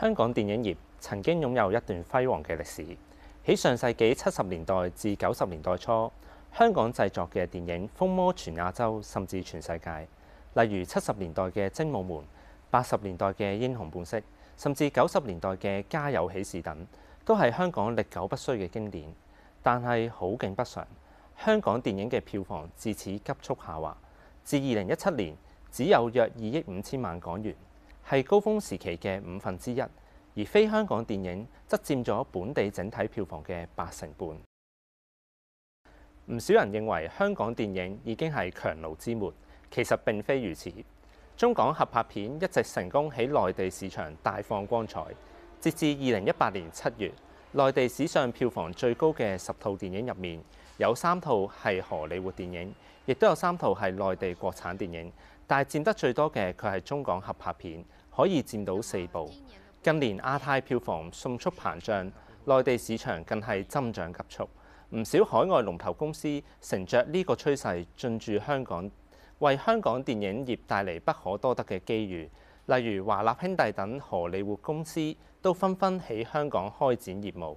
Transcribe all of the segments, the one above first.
香港電影業曾經擁有一段輝煌嘅歷史，喺上世紀七十年代至九十年代初，香港製作嘅電影風靡全亞洲甚至全世界，例如七十年代嘅《精武門》，八十年代嘅《英雄本色》，甚至九十年代嘅《家有喜事》等，都係香港歷久不衰嘅經典。但係好景不常，香港電影嘅票房自此急速下滑，至二零一七年只有約二億五千萬港元。係高峰時期嘅五分之一，而非香港電影則佔咗本地整體票房嘅八成半。唔少人認為香港電影已經係強弩之末，其實並非如此。中港合拍片一直成功喺內地市場大放光彩。截至二零一八年七月，內地史上票房最高嘅十套電影入面，有三套係荷里活電影，亦都有三套係內地國產電影，但係佔得最多嘅卻係中港合拍片。可以佔到四部。近年亞太票房迅速膨脹，內地市場更係增長急速。唔少海外龍頭公司乘着呢個趨勢進駐香港，為香港電影業帶嚟不可多得嘅機遇。例如華納兄弟等荷里活公司都紛紛喺香港開展業務。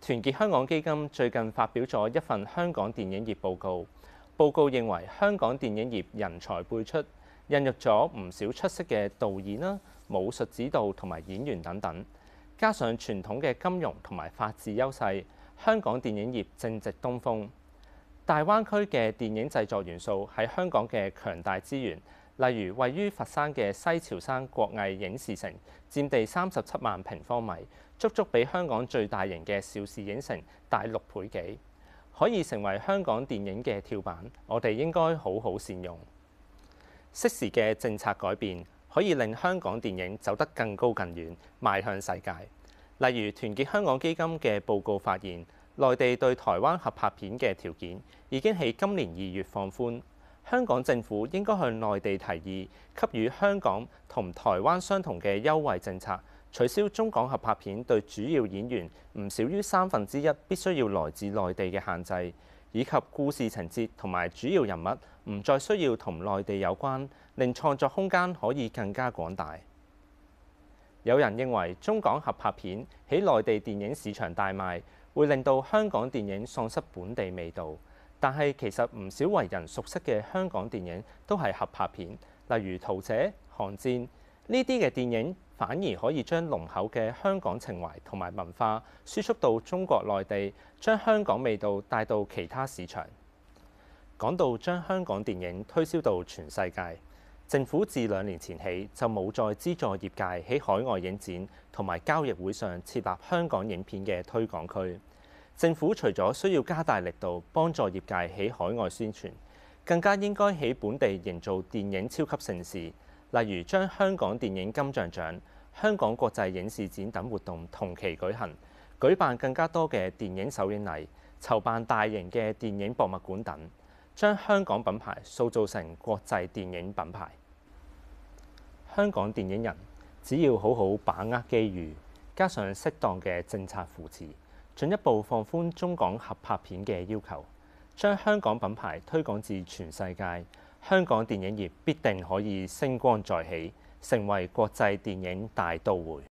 團結香港基金最近發表咗一份香港電影業報告，報告認為香港電影業人才輩出。孕育咗唔少出色嘅導演啦、武術指導同埋演員等等，加上傳統嘅金融同埋法治優勢，香港電影業正值東風。大灣區嘅電影製作元素喺香港嘅強大資源，例如位於佛山嘅西樵山國藝影視城，佔地三十七萬平方米，足足比香港最大型嘅邵氏影城大六倍幾，可以成為香港電影嘅跳板。我哋應該好好善用。適時嘅政策改變可以令香港電影走得更高更遠，邁向世界。例如，團結香港基金嘅報告發現，內地對台灣合拍片嘅條件已經喺今年二月放寬。香港政府應該向內地提議，給予香港同台灣相同嘅優惠政策，取消中港合拍片對主要演員唔少於三分之一必須要來自內地嘅限制。以及故事情節同埋主要人物唔再需要同內地有關，令創作空間可以更加廣大。有人認為中港合拍片喺內地電影市場大賣會令到香港電影喪失本地味道。但係其實唔少為人熟悉嘅香港電影都係合拍片，例如《桃姐》、《寒戰》呢啲嘅電影。反而可以將濃厚嘅香港情懷同埋文化輸出到中國內地，將香港味道帶到其他市場。講到將香港電影推銷到全世界，政府自兩年前起就冇再資助業界喺海外影展同埋交易會上設立香港影片嘅推廣區。政府除咗需要加大力度幫助業界喺海外宣傳，更加應該喺本地營造電影超級盛事。例如，將香港電影金像獎、香港國際影視展等活動同期舉行，舉辦更加多嘅電影首映禮，籌辦大型嘅電影博物館等，將香港品牌塑造成國際電影品牌。香港電影人只要好好把握機遇，加上適當嘅政策扶持，進一步放寬中港合拍片嘅要求，將香港品牌推廣至全世界。香港電影業必定可以星光再起，成為國際電影大都會。